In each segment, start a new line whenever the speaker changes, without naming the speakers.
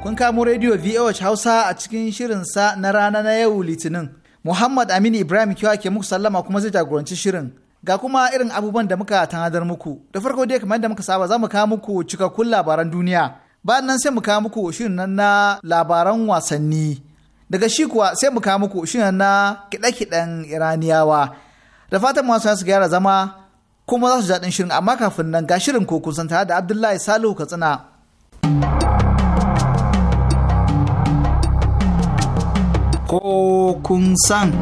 Kun kamo rediyo VOH Hausa a cikin shirinsa na rana na yau Litinin. Muhammad Aminu Ibrahim kiwa ke muku sallama kuma zai jagoranci shirin. Ga kuma irin abubuwan da muka tanadar muku. Da farko dai kamar da muka saba za mu kawo muku cikakkun labaran duniya. Bayan nan sai mu kawo muku shirin nan na labaran wasanni. Daga shi kuwa sai mu kawo muku shirin na kiɗe-kiɗen Iraniyawa. Da fatan masu su gyara zama kuma za su jaɗin shirin amma kafin nan ga shirin ko kun tare da Abdullahi Salihu Katsina. ko kun san.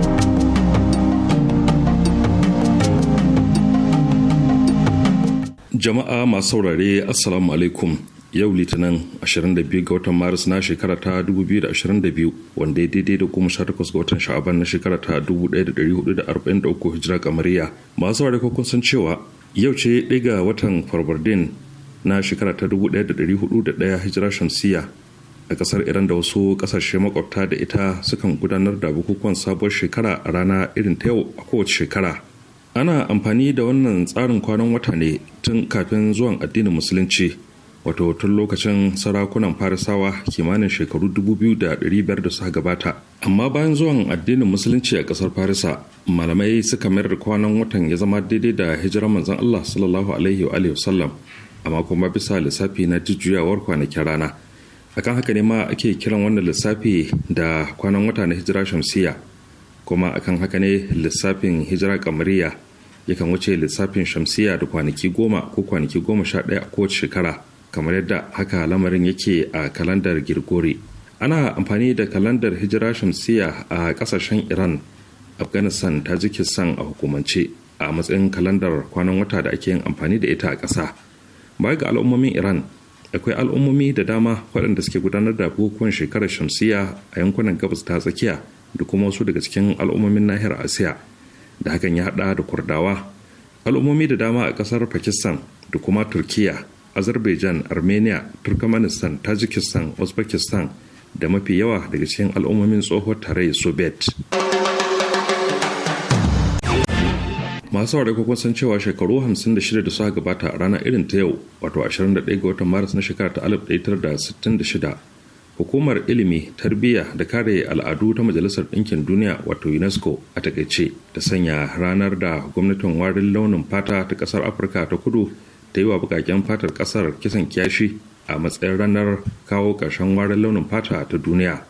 Jama'a masu saurare Assalamu alaikum yau litinin 22 ga watan maris na shekara ta 2022 wanda ya daidai da 18 sha takwas ga watan sha'aban na shekara ta 1443 hijira kamariya masu saurare kun san cewa yau ce ɗaya ga watan farbardin na shekara ta 1401 hijira shamsiya a kasar iran da wasu kasashe makwabta da ita sukan gudanar da bukukuwan sabuwar shekara a rana irin ta yau a kowace shekara ana amfani da wannan tsarin kwanan wata ne tun kafin zuwan addinin musulunci wato tun lokacin sarakunan farisawa kimanin shekaru 2500 da suka gabata amma bayan zuwan addinin musulunci a kasar farisa malamai suka mayar da kwanan watan ya zama daidai da hijirar manzon allah sallallahu alaihi wa sallam amma kuma bisa lissafi na jujjuyawar kwanakin rana akan haka ne ma ake kiran wannan lissafi da kwanan wata na hijira shamsiya kuma akan haka ne lissafin hijira kamariya yakan wuce lissafin shamsiya da kwanaki goma ko kwanaki goma sha ɗaya a kowace shekara kamar yadda haka lamarin yake a kalandar girgori ana amfani da kalandar hijira shamsiya a kasashen iran afghanistan tajikistan a hukumance a matsayin kalandar kwanan wata da ake yin amfani da ita a ƙasa ba ga al'ummomin iran akwai al'ummomi da dama waɗanda suke gudanar da bukukuwan shekarar shamsiya a yankunan gabas ta tsakiya da kuma wasu daga cikin al'ummomin nahiyar asiya da hakan ya haɗa da kurdawa al'ummomi da dama a ƙasar pakistan da kuma turkiya azerbaijan armenia turkmenistan tajikistan uzbekistan da mafi yawa daga cikin al'ummomin tsohuwar tarayyar soviet masu saurari ko san cewa shekaru 56 da suka gabata a ranar irin ta yau wato 21 ga watan maris na shekara ta 1966 hukumar ilimi tarbiyya da kare al'adu ta majalisar ɗinkin duniya wato unesco a takaice ta sanya ranar da gwamnatin warin launin fata ta ƙasar afirka ta kudu ta yi wa bukaken fatar ƙasar kisan kiyashi a matsayin ranar kawo ƙarshen warin launin fata ta duniya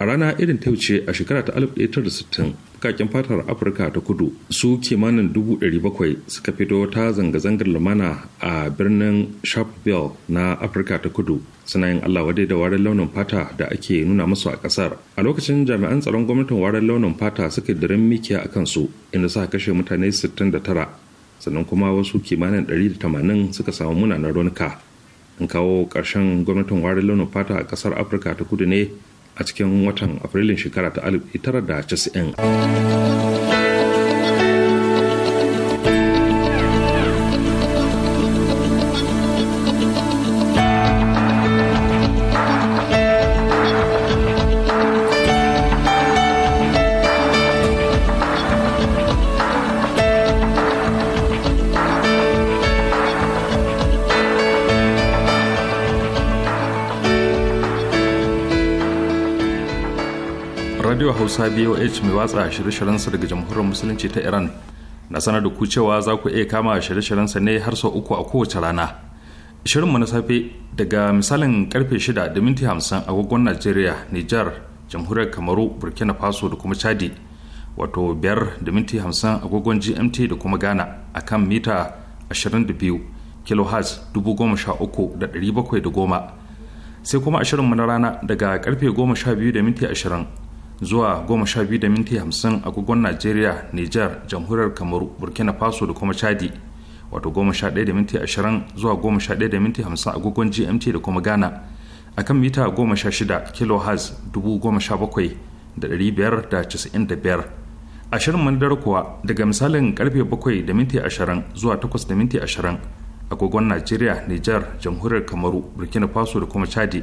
a rana irin ta wuce a shekara ta 1960 bukakin fatar afirka ta kudu su kimanin 700,000 suka fito ta zanga-zangar lumana a birnin sharpeville na afirka ta kudu suna yin allah wadai da warin launin fata da ake nuna musu a kasar a lokacin jami'an tsaron gwamnatin warin launin fata suka dirin mikiya a kansu inda suka kashe mutane 69 sannan kuma wasu kimanin 180 suka samu munanan raunuka an kawo ƙarshen gwamnatin warin launin fata a kasar afirka ta kudu ne a cikin watan afrilun shekara ta 1990 radio hausa boh mai watsa shirye sa daga jamhuriyar musulunci ta iran na sanar da ku cewa za ku iya kama shirye sa ne har sau uku a kowace rana shirinmu na safe daga misalin karfe shida da minti 50 agogon najeriya niger jamhuriyar kamaru burkina faso da kuma chadi wato 5 da minti 50 agogon gmt da kuma ghana a kan mita bakwai da goma sai kuma ashirinmu na rana daga karfe goma sha biyu da minti ashirin. zuwa goma sha biyu da minti hamsin agogon najeriya niger jamhuriyar kamaru burkina faso da kuma chadi wato goma sha ɗaya da minti zuwa goma sha ɗaya agogon gmt da kuma ghana a kan mita goma sha shida A dubu goma sha bakwai da ɗari biyar da da biyar ashirin kuwa daga misalin karfe bakwai da minti ashirin zuwa takwas da minti ashirin agogon najeriya niger jamhuriyar kamaru burkina faso da kuma chadi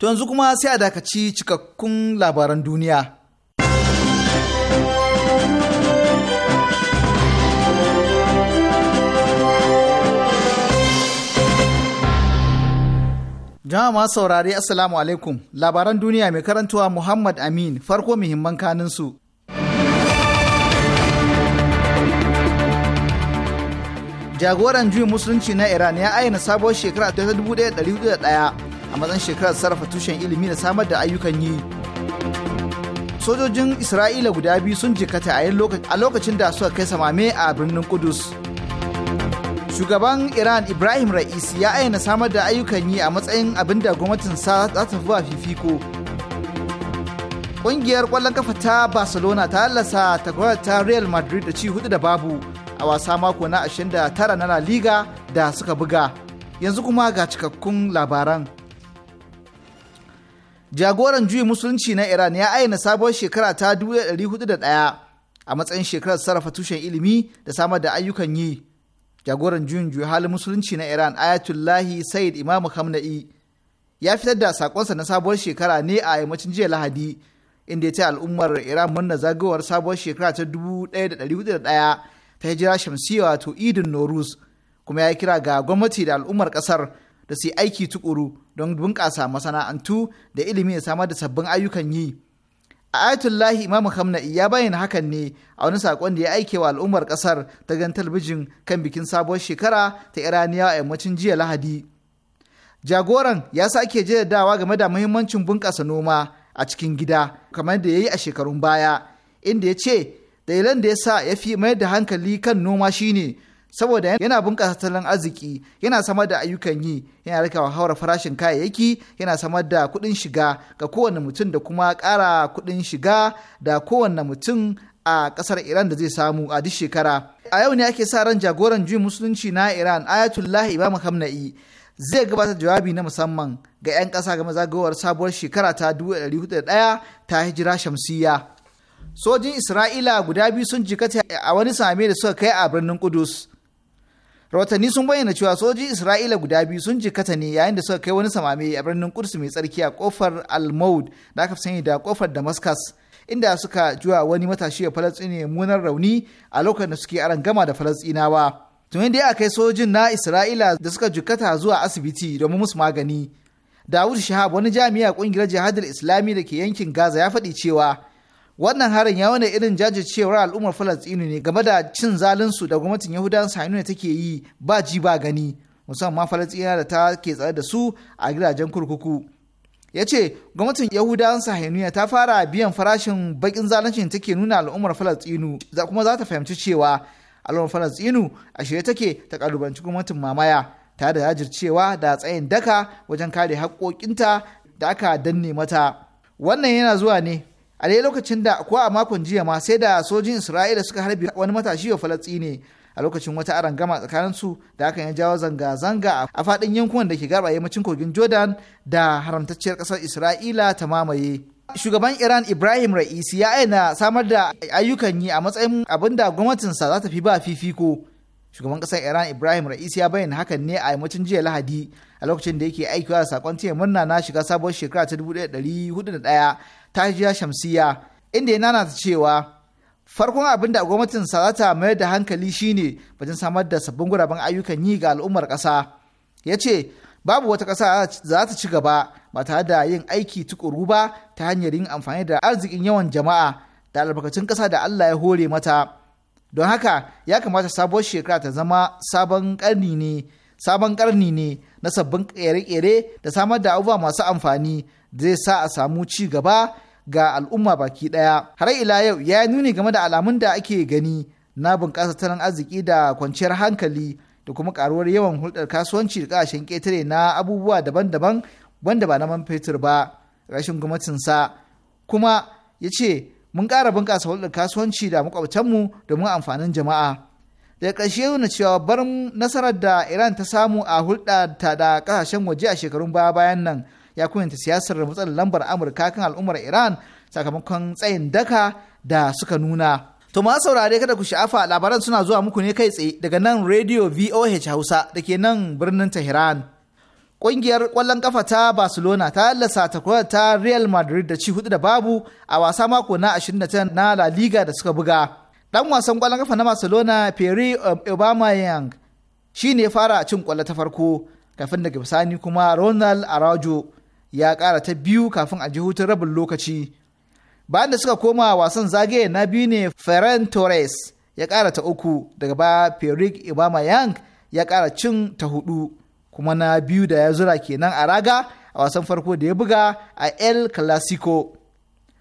To yanzu kuma sai a dakaci cikakkun labaran duniya. Jama'a masu saurare Assalamu alaikum labaran duniya mai karantawa Muhammad Amin farko muhimman kanin su. Jagoran juyin musulunci na Iran ya ayyana sabuwar shekara ta 1401 a matsayin shekarar sarrafa tushen ilimi na samar da ayyukan yi sojojin isra'ila guda biyu sun jikata a lokacin da suka kai samame a birnin kudus shugaban iran ibrahim ra'isi ya ayyana samar da ayyukan yi a matsayin abin da gwamnatinsa za ta fi fifiko ƙungiyar ƙwallon kafa ta barcelona ta lallasa ta ta real madrid da ci hudu da babu a wasa mako na 29 na la liga da suka buga yanzu kuma ga cikakkun labaran jagoran juyin musulunci na iran ya ayyana sabuwar shekara ta 1401 a matsayin shekarar sarrafa tushen ilimi da samar da ayyukan yi jagoran juyin juyi halin musulunci na iran ayatullahi said imam hamna'i ya fitar da sakonsa na sabuwar shekara ne a yammacin jiya lahadi inda ya ce al'ummar iran murna zagawar sabuwar shekara ta 1401 ta hijira shamsiyya wato idin norus kuma ya kira ga gwamnati da al'ummar kasar da su yi aiki tukuru don bunƙasa masana'antu da ilimi da samar da sabbin ayyukan yi. A ayatullahi Imam Hamna'i ya bayyana hakan ne a wani saƙon da ya aike wa al'ummar ƙasar ta gan talabijin kan bikin sabuwar shekara ta Iraniya a yammacin jiya Lahadi. Jagoran ya sake jaddadawa game da muhimmancin bunƙasa noma a cikin gida kamar da ya yi a shekarun baya inda ya ce dalilan da ya sa ya fi mayar da hankali kan noma shine saboda yana bunƙasa tattalin arziki yana samar da ayyukan yi yana rika haura farashin kayayyaki yana samar da kuɗin shiga ga kowane mutum da kuma ƙara kuɗin shiga da kowane mutum a ƙasar iran da zai samu a duk shekara a yau ne ake sa ran jagoran juyin musulunci na iran ayatullahi imam hamna'i zai gabatar jawabi na musamman ga 'yan ƙasa game zagayowar sabuwar shekara ta hudu 1401 ta hijira shamsiyya sojin isra'ila guda biyu sun jikata a wani same da suka kai a birnin kudus Rawatanni sun bayyana cewa sojin isra'ila guda biyu sun jikata ne yayin da suka kai wani samame a birnin kudus mai tsarki a kofar almaud da aka sani da kofar damascus inda suka juwa wani matashi a falastini munar rauni a lokacin da suke aran gama da falastinawa tun da ya kai sojin na isra'ila da suka jikata zuwa asibiti domin musu magani dawud shahab wani jami'a kungiyar jihadar islami da ke yankin gaza ya faɗi cewa wannan harin ya wani irin jajircewar al'ummar falastinu ne game da cin zalinsu da gwamnatin yahudan sahinu take yi ba ji ba gani musamman falastina da ta ke tsare da su a gidajen kurkuku ya ce gwamnatin yahudan sahinu ta fara biyan farashin bakin zaluncin take nuna al'ummar falastinu za kuma za ta fahimci cewa al'ummar falastinu a shirye take ta kalubanci gwamnatin mamaya tare da jajircewa da tsayin daka wajen kare haƙƙoƙinta da aka danne mata wannan yana zuwa ne a dai lokacin da ko a makon jiya ma sai da sojin isra'ila suka harbe wani matashi wa falastini a lokacin wata gama tsakanin su da hakan ya jawo zanga-zanga a faɗin yankunan da ke gaba yammacin kogin jordan da haramtacciyar kasar isra'ila ta mamaye shugaban iran ibrahim ra'isi ya aina samar da ayyukan yi a matsayin abin da gwamnatinsa za ta fi ba fifiko shugaban ƙasar iran ibrahim ra'isi ya bayyana hakan ne a yammacin jiya lahadi a lokacin da yake aikiwa da sakon taya murna na shiga sabuwar shekara ta 1401 tajiya shamsiya inda ya nanata cewa farkon abin da gwamnatin za ta mayar da hankali shine wajen samar da sabbin guraben ayyukan yi ga al'ummar ƙasa ya ce babu wata ƙasa za ta ci gaba ba tare da yin aiki tukuru ba ta hanyar yin amfani da arzikin yawan jama'a da albarkacin ƙasa da Allah ya hore mata don haka ya kamata sabuwar shekara ta zama sabon ƙarni ne sabon ƙarni ne na sabbin ƙere-ƙere da samar da abubuwa masu amfani zai sa a samu ci gaba ga al'umma baki ɗaya. Har ila yau ya nuni game da alamun da ake gani na bunƙasa tattalin arziki da kwanciyar hankali da kuma ƙaruwar yawan hulɗar kasuwanci da ƙasashen ƙetare na abubuwa daban-daban wanda ba na man fetur ba rashin gwamnatinsa kuma ya ce mun ƙara bunƙasa hulɗar kasuwanci da makwabtanmu domin amfanin jama'a. Daga ƙarshe nuna cewa barin nasarar da Iran ta samu a hulɗa ta da ƙasashen waje a shekarun baya bayan nan ya kunyanta siyasar matsalar lambar amurka kan al'ummar iran sakamakon tsayin daka da suka nuna to ma saurare kada ku sha'afa labaran suna zuwa muku ne kai tsaye daga nan radio voh hausa da ke nan birnin tehran Ƙungiyar ƙwallon kafa ta Barcelona ta lallasa takwarar ta Real Madrid da ci hudu da babu a wasa mako na 29 na La Liga da suka buga. ɗan wasan ƙwallon kafa na Barcelona Pierre Aubameyang shi ne fara cin ƙwallo ta farko kafin daga bisani kuma Ronald Araujo ya ƙara ta biyu kafin a ji hutun rabin lokaci. Bayan da suka koma wasan zagaye na biyu ne Ferran Torres ya ƙara ta uku daga ba Perik Ibama Yang ya kara cin ta hudu kuma na biyu da ya zura kenan a raga a wasan farko da ya buga a El Clasico.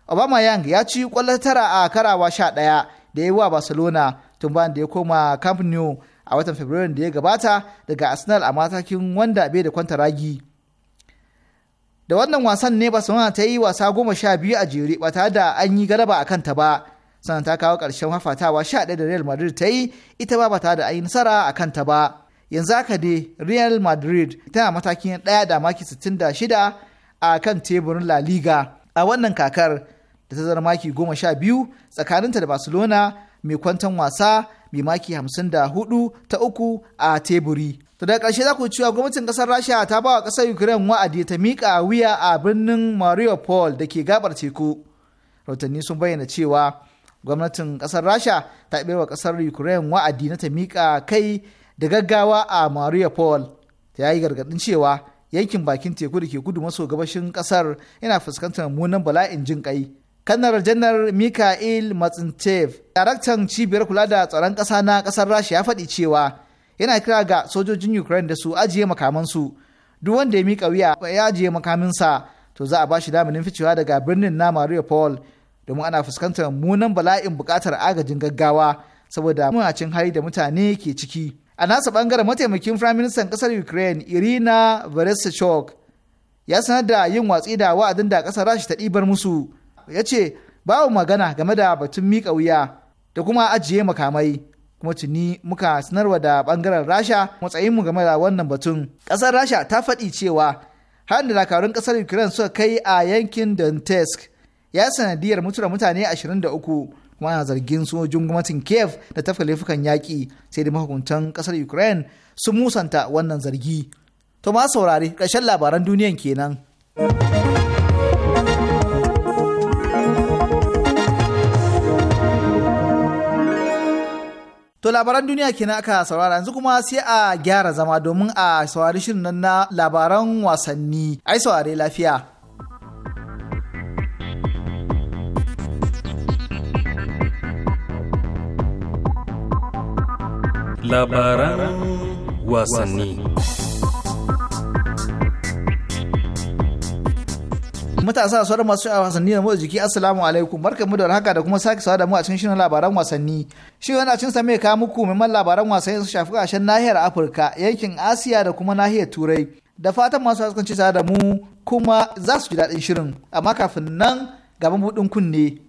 Obama Yang ya ci kwallo tara a karawa sha ɗaya da ya yi wa Barcelona tun bayan da ya koma Camp Nou a watan Fabrairu da ya gabata daga Arsenal a matakin wanda bai da kwanta ragi. da wannan wasan ne mana ta yi wasa goma sha biyu a jere ba tare da an yi garaba a kanta ba sannan ta kawo ƙarshen hafatawa sha ɗaya da real madrid ta yi ita ba ba tare da an yi nasara a kanta ba yanzu haka dai real madrid tana matakin ɗaya da maki sittin da shida a kan teburin la liga a wannan kakar da ta zara maki goma sha biyu tsakaninta da barcelona mai kwantan wasa mai maki hamsin da hudu ta uku a teburi To da ƙarshe za ku cewa gwamnatin ƙasar Rasha ta ba wa ƙasar Ukraine wa'adi ta miƙa wuya a birnin Mariupol da ke gabar teku. rautanni sun bayyana cewa gwamnatin ƙasar Rasha ta wa ƙasar Ukraine wa'adi na ta miƙa kai da gaggawa a Mariupol. Ta yi gargaɗin cewa yankin bakin teku da ke gudu maso gabashin ƙasar yana fuskantar mummunan bala'in jin ƙai. kanar janar Mikhail Matsintev, daraktan cibiyar kula da tsaron ƙasa na ƙasar Rasha ya faɗi cewa yana kira ga sojojin ukraine da su ajiye makamansu duk wanda ya miƙa wuya ya ajiye makaminsa to za a ba shi daminin ficewa daga birnin na mariupol domin ana fuskantar munan bala'in buƙatar agajin gaggawa saboda mawacin hali da mutane ke ciki a nasa bangaren mataimakin firaministan ƙasar ukraine irina vereshchuk ya sanar da yin watsi da wa'adin da kasar rashi ta ɗibar musu ya ce babu magana game da batun miƙa wuya da kuma ajiye makamai kuma tuni muka sanarwa da bangaren rasha matsayinmu game da wannan batun ƙasar rasha ta faɗi cewa har da dakarun ƙasar ukraine suka kai a yankin donetsk ya sanadiyar mutuwar mutane 23 kuma ana zargin sojojin gwamnatin kiev da tafka laifukan yaƙi sai da mahukuntan ƙasar ukraine sun musanta wannan zargi to ma saurari ƙarshen labaran duniyan kenan. To labaran duniya kenan aka saurara yanzu kuma sai a gyara zama domin a saurari shirin nan na labaran wasanni. Ai saurare lafiya.
Labaran wasanni.
matasa sauran masu sha'awar wasanni da motsa jiki assalamu alaikum barkamu da warhaka da kuma sake sawa da mu a cikin shirin labaran wasanni shi yana cin sa mai kawo muku man labaran wasanni su shafi kashen nahiyar afirka yankin asiya da kuma nahiyar turai da fatan masu haskanci tare da mu kuma za su ji daɗin shirin amma kafin nan gaban buɗin kunne.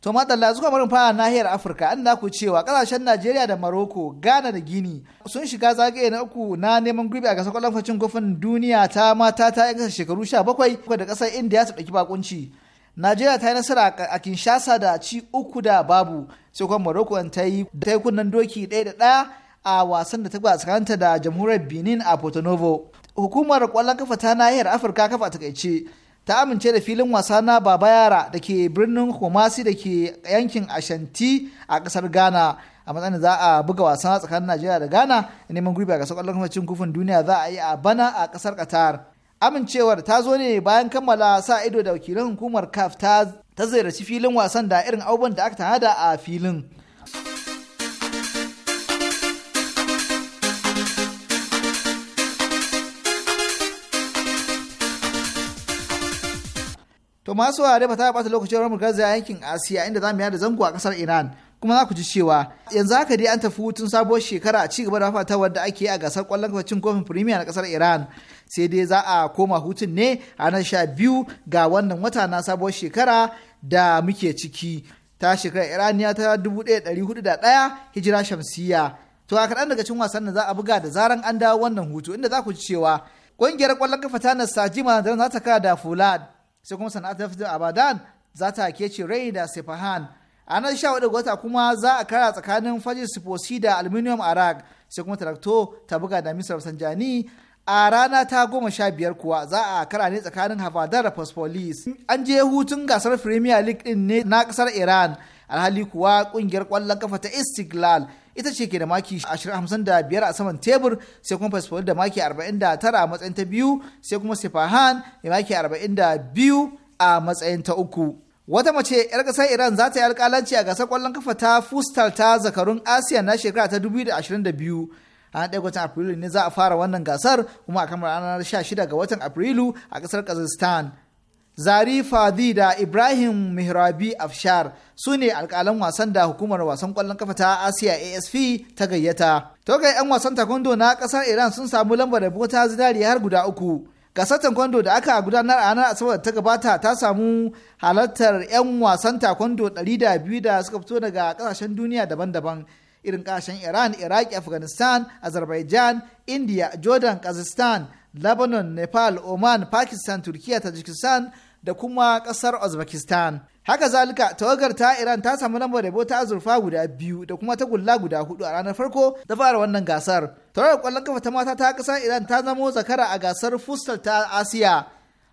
To madalla zuwa marin fara nahiyar Afirka an da ku cewa kasashen Najeriya da Maroko, Ghana da Gini sun shiga zagaye na uku na neman gurbi a gasar kwallon facin kofin duniya ta mata ta yi kasar shekaru 17 da kasar India ta ɗauki bakunci. Najeriya ta yi nasara a Kinshasa da ci uku da babu sai kuma Maroko ta yi ta yi kunnen doki ɗaya da ɗaya a wasan da ta gba tsakaninta da jamhuriyar Benin a Porto Novo. Hukumar kwallon kafa ta nahiyar Afirka kafa a takaice ta amince da filin wasa na baba yara da ke birnin kumasi da ke yankin ashanti a kasar ghana a matsayin za a buga wasa tsakanin najeriya da ghana neman gurbi a gasar kwallon kwamfacin kufin duniya za a yi a bana a kasar qatar amincewar ta zo ne bayan kammala sa ido da wakilan hukumar caf ta ziyarci filin wasan da irin abubuwan da aka tanada a filin To masu wa ba ta bata lokacin ramar garzaya yankin Asiya inda za mu yada zango a kasar Iran. Kuma za ku ji cewa yanzu haka dai an tafi hutun sabuwar shekara a ci gaba da fatawar wadda ake a gasar kwallon kafacin kofin firimiya na kasar Iran. Sai dai za a koma hutun ne a nan sha biyu ga wannan wata na sabuwar shekara da muke ciki. Ta shekara Iraniya ta 1401 hijira shamsiya To a kaɗan daga cin wasan da za a buga da zaran an dawo wannan hutu inda za ku ji cewa ƙungiyar ƙwallon kafa ta Nasajima da za ta kara da Fulad sai kuma sana'a ta fito abadan za ta ce rai da sefahan a nan sha wadda gwata kuma za a kara tsakanin fajin sifosi da aluminium arak sai kuma tarakto ta buga da misar sanjani a rana ta goma sha biyar kuwa za a kara ne tsakanin havadar da fosfolis an je hutun gasar premier league din ne na kasar iran alhali kuwa kungiyar kwallon kafa ta istiklal ita ce ke da maki 25 a saman tebur sai kuma fasfawar da maki 49 a matsayin ta biyu sai kuma sifahan da maki 42 a matsayin ta uku. Wata mace 'yar ƙasar Iran za ta yi alƙalanci a gasar ƙwallon kafa ta Fustal ta zakarun Asiya na shekara ta 2022. A ɗaya watan Afrilu ne za a fara wannan gasar kuma a kamar ranar 16 ga watan Afrilu a ƙasar Kazakhstan. zarifa di da ibrahim mihrabi afshar su ne alkalan wasan da hukumar wasan kwallon kafa ta asiya asp ta gayyata togai yan wasan takwando na kasar iran sun samu lambar rabo ta zinari har guda uku gasar takwando da aka gudanar a ranar asabar ta gabata ta samu halartar yan wasan takwando 200 da suka fito daga kasashen duniya daban-daban irin kasashen iran iraq afghanistan azerbaijan india jordan kazakhstan lebanon nepal oman pakistan turkiya tajikistan da kuma ƙasar Uzbekistan. Haka zalika tawagar ta Iran ta samu lambar yabo ta azurfa guda biyu da kuma ta gulla guda hudu a ranar farko da fara wannan gasar. Tawagar kwallon kafa ta mata ta ƙasar Iran ta zamo zakara a gasar Fustal ta Asiya.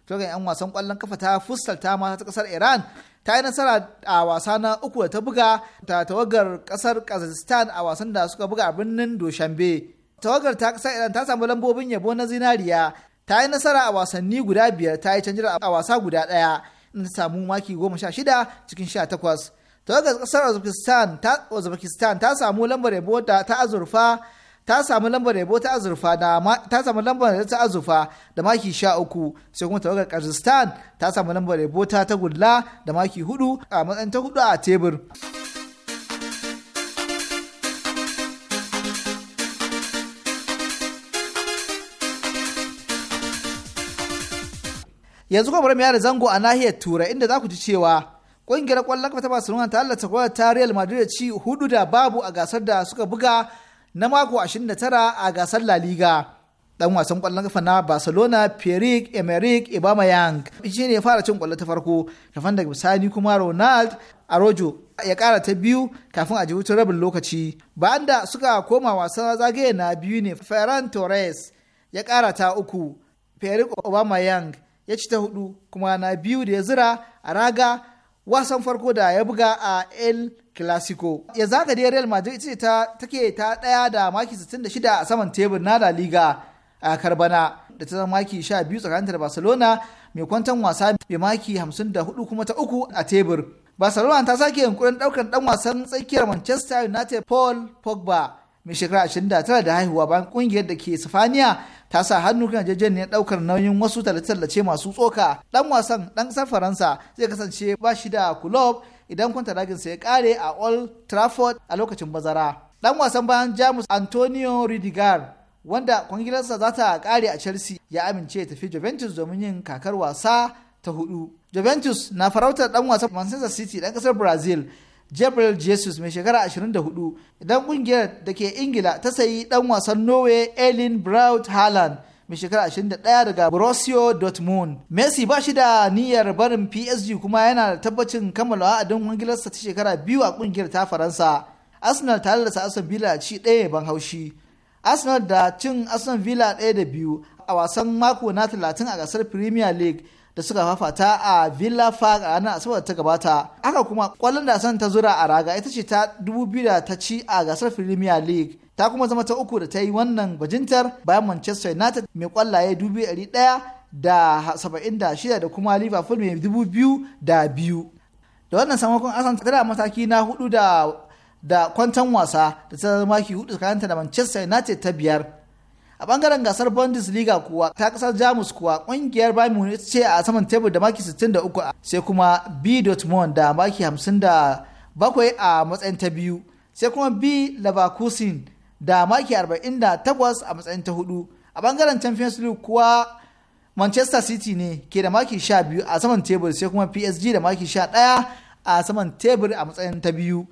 Tawagar 'yan wasan kwallon kafa ta Fustal ta mata ta ƙasar Iran ta yi nasara a wasa na uku da ta buga ta tawagar ƙasar Kazakhstan a wasan da suka buga a birnin Dushanbe. Tawagar ta ƙasar Iran ta samu lambobin yabo na zinariya ta yi nasara a wasanni guda biyar ta yi canjira a wasa guda ɗaya inda ta samu maki goma sha shida cikin sha takwas tawagar ƙasar uzbekistan ta samu lambar yabo ta azurfa ta samu lambar yabo ta azurfa da ta samu lambar ta azurfa da maki sha uku sai kuma tawagar kazakhstan ta samu lambar yabo ta tagulla da maki hudu a matsayin ta hudu a tebur. yanzu kuma bari mu yada zango a nahiyar turai inda za ku ji cewa ƙungiyar kwallon kafa ta barcelona ta halatta kwallon ta real madrid da ci hudu da babu a gasar da suka buga na mako 29 a gasar la liga dan wasan kwallon kafa na barcelona pierrick emerick aubameyang shi ne ya fara cin kwallo ta farko kafin daga bisani kuma ronald arojo ya kara ta biyu kafin a ji wutar rabin lokaci bayan da suka koma wasan zagaye na biyu ne ferran torres ya kara ta uku pierrick aubameyang ya ci ta hudu kuma na biyu da ya zira a raga wasan farko da ya buga a el clasico ya zaga da real madrid ita ta take ta daya da maki 66 a saman tebur na da liga a karbana da ta zama maki 12 tsakanin da barcelona mai kwantan wasa mai maki 54 kuma ta uku a tebur barcelona ta sake yunkurin daukar dan wasan tsakiyar manchester united paul pogba mai shekara 29 da haihuwa bayan kungiyar da ke sifaniya ta sa hannu kan ne daukar nauyin wasu tallace-tallace masu tsoka dan wasan dan kasar faransa zai kasance ba shi da kulob idan sa ya kare a old trafford a lokacin bazara dan wasan bayan jamus antonio ridigar wanda kwangilarsa za ta kare a chelsea ya amince ya tafi juventus domin yin kakar wasa ta hudu juventus na farautar dan wasan manchester city dan kasar brazil Gabriel Jesus mai shekara 24 idan kungiyar da ke Ingila ta sayi dan wasan Norway Elin Braut Haaland mai shekara 21 daga Borussia Dortmund. Messi ba shi da niyyar barin PSG kuma yana da tabbacin kammala wa'adin wangilarsa ta shekara biyu a kungiyar ta Faransa. Arsenal tare da Aston Villa ci ɗaya ban haushi. Arsenal da cin Aston Villa ɗaya da biyu a wasan mako na 30 a gasar Premier League da suka fafata a Villa Park a ranar Asabar ta gabata. Aka kuma kwallon da san ta zura a raga ita ce ta dubu biyu ta ci a gasar Premier League. Ta kuma zama ta uku da ta yi wannan bajintar bayan Manchester United mai kwallaye dubu ɗari ɗaya da saba'in da shida da kuma Liverpool mai dubu biyu da biyu. Da wannan samakon asan tana mataki na hudu da da kwantan wasa da ta zama maki hudu tsakaninta da Manchester United ta biyar. a bangaren gasar bundesliga kuwa ta kasar jamus kuwa kungiyar bayern munich ce a saman tebur da maki 63 sai kuma b dortmund da maki 57 a matsayin ta biyu sai kuma b leverkusen da maki 48 a matsayin ta hudu a bangaren champions league kuwa manchester city ne ke da maki 12 a saman tebur sai kuma psg da maki 11 a saman tebur a matsayin ta biyu.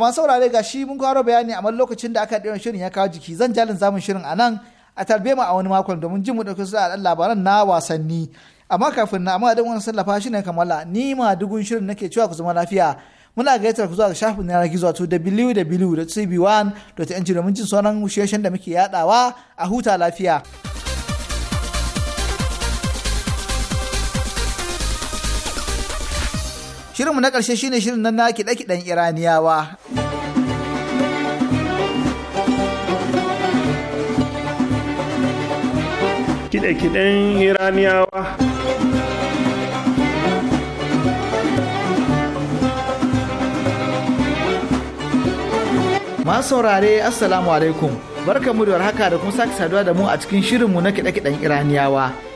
kuma saurare ga shi mun kwaro bayani amma lokacin da aka ɗaya shirin ya kawo jiki zan jalin zamun shirin a nan a tarbe mu a wani makon domin jin mu ɗauki su da labaran na wasanni amma kafin na amma da wani sallafa shi ne kamala ni ma dugun shirin nake cewa ku zama lafiya muna gayyatar ku zuwa ga shafin yanar gizo wato www.cb1.ng domin jin sauran shirye da muke yaɗawa a huta lafiya. Shirinmu na ƙarshe shine shirin nan na kiɗe-kiɗen Iraniyawa.
Kiɗe-kiɗen Iraniyawa.
Masu saurare Assalamu alaikum. Barkamu da haka da kuma sake saduwa da mu a cikin shirinmu na kiɗe-kiɗen Iraniyawa.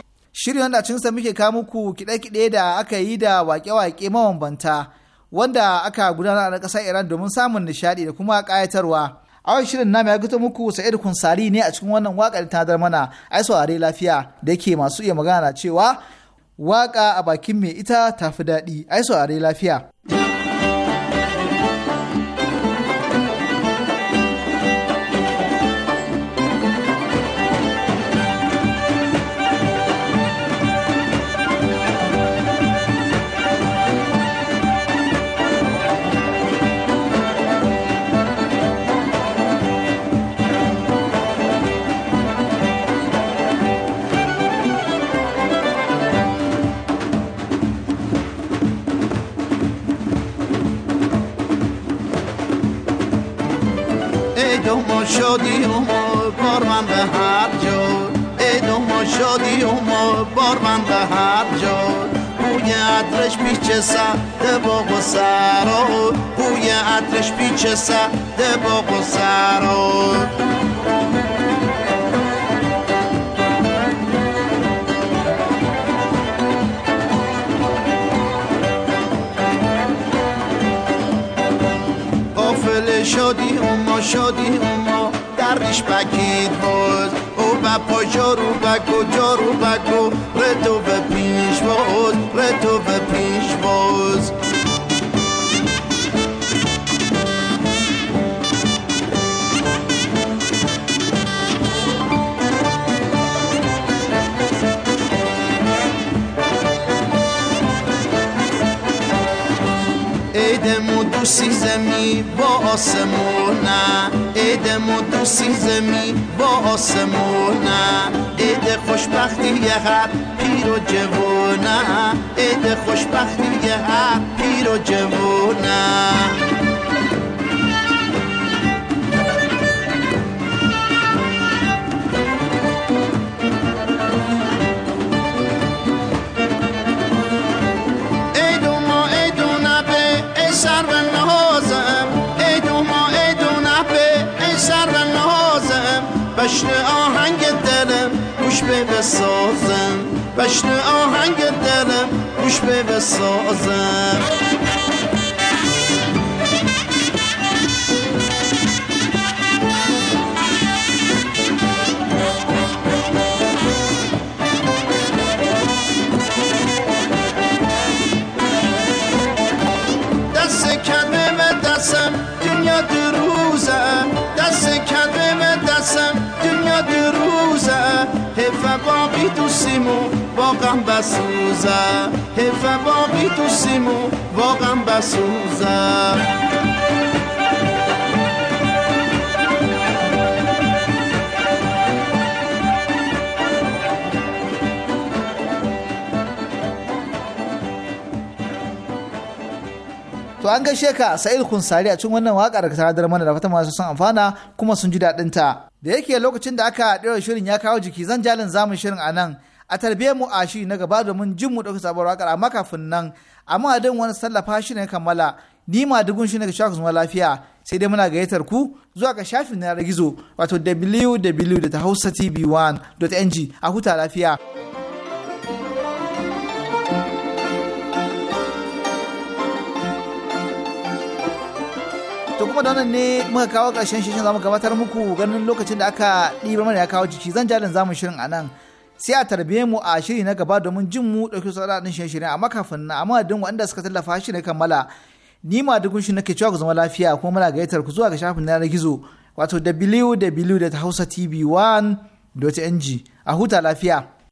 Shirin wanda cinsa muke kawo muku kiɗe-kiɗe da aka yi da waƙe-waƙe mabambanta wanda aka gudanar a ƙasar Iran domin samun nishaɗi da kuma ƙayatarwa. A wani shirin namu ya gito muku sa'idu Kunsari ne a cikin wannan waka da ta dar mana ai saurare lafiya da yake masu iya magana cewa waka a bakin mai ita tafi daɗi ai saurare lafiya.
عطرش پیچه سر باغ و سرا بوی عطرش پیچه سر باغ و سرا قافل شادی ما شادی اوما درش بکید باز او پا جارو بکو جارو بکو ردو بپا پیش باز و دوستی زمی با آسمونه ما دوستی زمی با آسمونه عید خوشبختی یه هر پیر و جوونه عید خوشبختی یه هر پیر و جوونه بشن آهنگ دلم گوش به بسازم بشن آهنگ دلم گوش به بسازم To an gaishe
ka Sa'id Kunsari a cikin wannan waƙar da ta mana da fatan masu son amfana kuma sun ji daɗinta. da yake lokacin da aka ɗora shirin ya kawo jiki zan jalin zamun shirin a nan a tarbiyyar mu a shi na gaba domin jin mu ɗauki sabon waƙar amma kafin nan amma a din wani sallafa shi ne kammala ni ma dugun shi ne ga shakus ma lafiya sai dai muna gayyatar ku zuwa ga shafin na gizo wato www.hausatv1.ng a huta lafiya. kuma da wannan ne muka kawo ƙarshen shirin zamu gabatar muku ganin lokacin da aka ɗiba mana ya kawo jiki zan jalin zamu shirin a nan sai a tarbiye mu a shiri na gaba domin jin mu ɗauki sauran shirye shirin amma kafin na amma duk waɗanda suka tallafa shi ne kammala ni ma dukun shi nake cewa ku zama lafiya kuma muna gayyatar ku zuwa ga shafin yanar gizo wato www.hausatv1.ng a huta lafiya.